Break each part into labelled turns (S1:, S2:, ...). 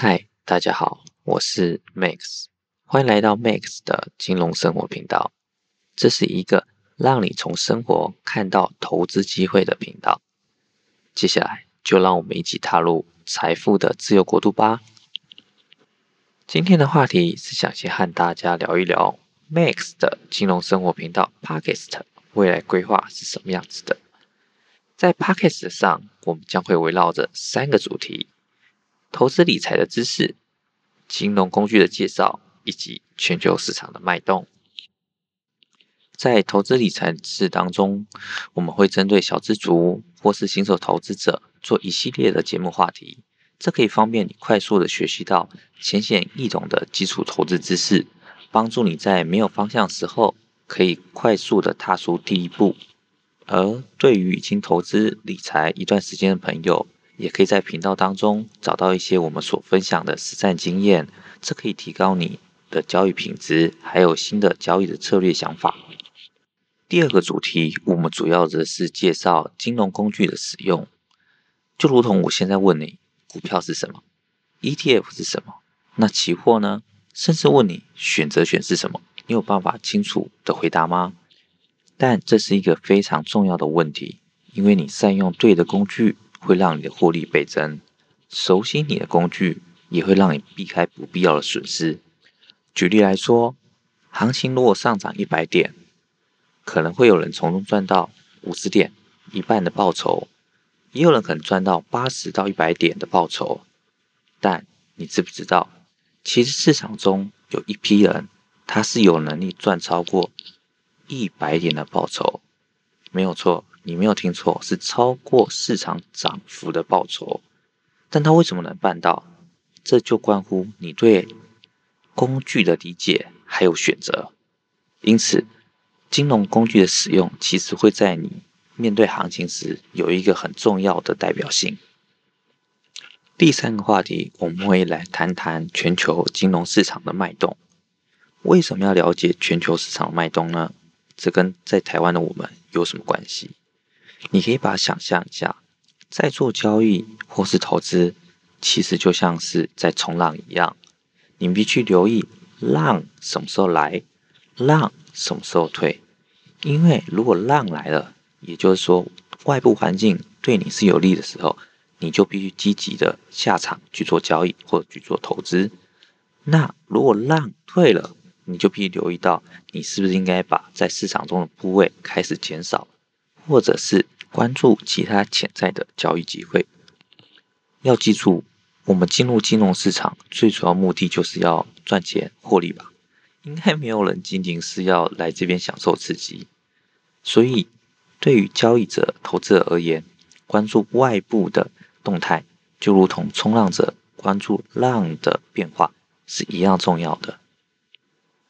S1: 嗨，大家好，我是 Max，歡迎來到 Max 的金融生活頻道。這是一個讓你從生活看到投資機會的頻道。接下來就讓我們一起踏入財富的自由國度吧。今天的話題是想先和大家聊一聊 Max 的金融生活頻道 Pocket 未來規劃是什麼樣子的。在 Pocket 上，我們將會圍繞着三個主題。投資理財的知識、金融工具的介紹以及全球市場的脈動，在投資理財知識當中，我們會針對小資族或是新手投資者做一系列的節目話題，這可以方便你快速的學習到淺顯易懂的基礎投資知識，幫助你在沒有方向時候可以快速的踏出第一步。而對於已經投資理財一段時間的朋友，也可以在頻道當中找到一些我們所分享的實戰經驗，這可以提高你的交易品質，還有新的交易的策略想法。第二個主題，我們主要的是介紹金融工具的使用，就如同我現在問你，股票是什麼？ETF 是什麼？那期貨呢？甚至問你選擇權是什麼？你有辦法清楚的回答嗎？但這是一個非常重要的問題，因為你善用對的工具。會讓你的獲利倍增，熟悉你的工具也會讓你避開不必要的損失。舉例來說，行情如果上漲一百點，可能會有人從中賺到五十點，一半的報酬，也有人可能賺到八十到一百點的報酬。但你知不知道，其實市場中有一批人，他是有能力賺超過一百點的報酬，沒有錯。你沒有聽錯，是超過市場漲幅的報酬。但它為什麼能辦到？這就關乎你對工具的理解還有選擇。因此，金融工具的使用其實會在你面對行情時有一個很重要的代表性。第三個話題，我們會來談談全球金融市場的脈動。為什麼要了解全球市場的脈動呢？這跟在台灣的我們有什麼關係？你可以把它想象一下，在做交易或是投資，其實就像是在衝浪一樣。你必須留意浪什麼時候來，浪什麼時候退。因為如果浪來了，也就是說外部環境對你是有利的時候，你就必須積極的下場去做交易或者去做投資。那如果浪退了，你就必須留意到你是不是應該把在市場中的部位開始減少。或者是關注其他潛在的交易機會。要記住，我們進入金融市場最主要目的就是要賺錢獲利吧？應該沒有人僅僅是要來這邊享受刺激。所以，對於交易者、投資者而言，關注外部的動態，就如同衝浪者關注浪的變化是一樣重要的。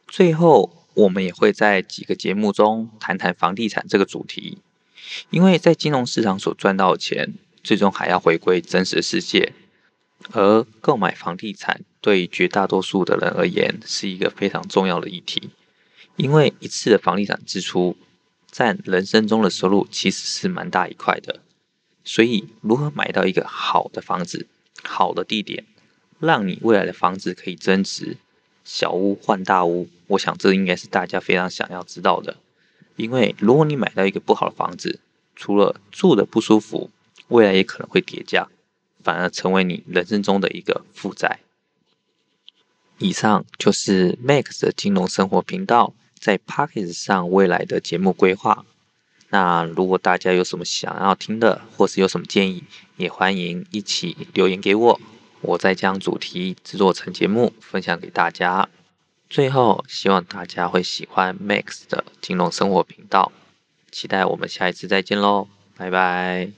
S1: 最後，我們也會在幾個節目中談談房地產這個主題。因為在金融市場所賺到的錢，最終還要回歸真實世界。而購買房地產對絕大多數的人而言是一個非常重要的議題，因為一次的房地產支出佔人生中的收入其實是蠻大一塊的。所以，如何買到一個好的房子、好的地點，讓你未來的房子可以增值，小屋換大屋，我想這應該是大家非常想要知道的。因為如果你買到一個不好的房子，除了住的不舒服，未來也可能會跌價，反而成為你人生中的一個負債。以上就是 Max 的金融生活頻道在 Pocket 上未來的節目規劃。那如果大家有什麼想要聽的，或是有什麼建議，也歡迎一起留言給我，我再將主題製作成節目分享給大家。最後，希望大家會喜歡 Max 的金融生活頻道，期待我們下一次再見嘍，拜拜。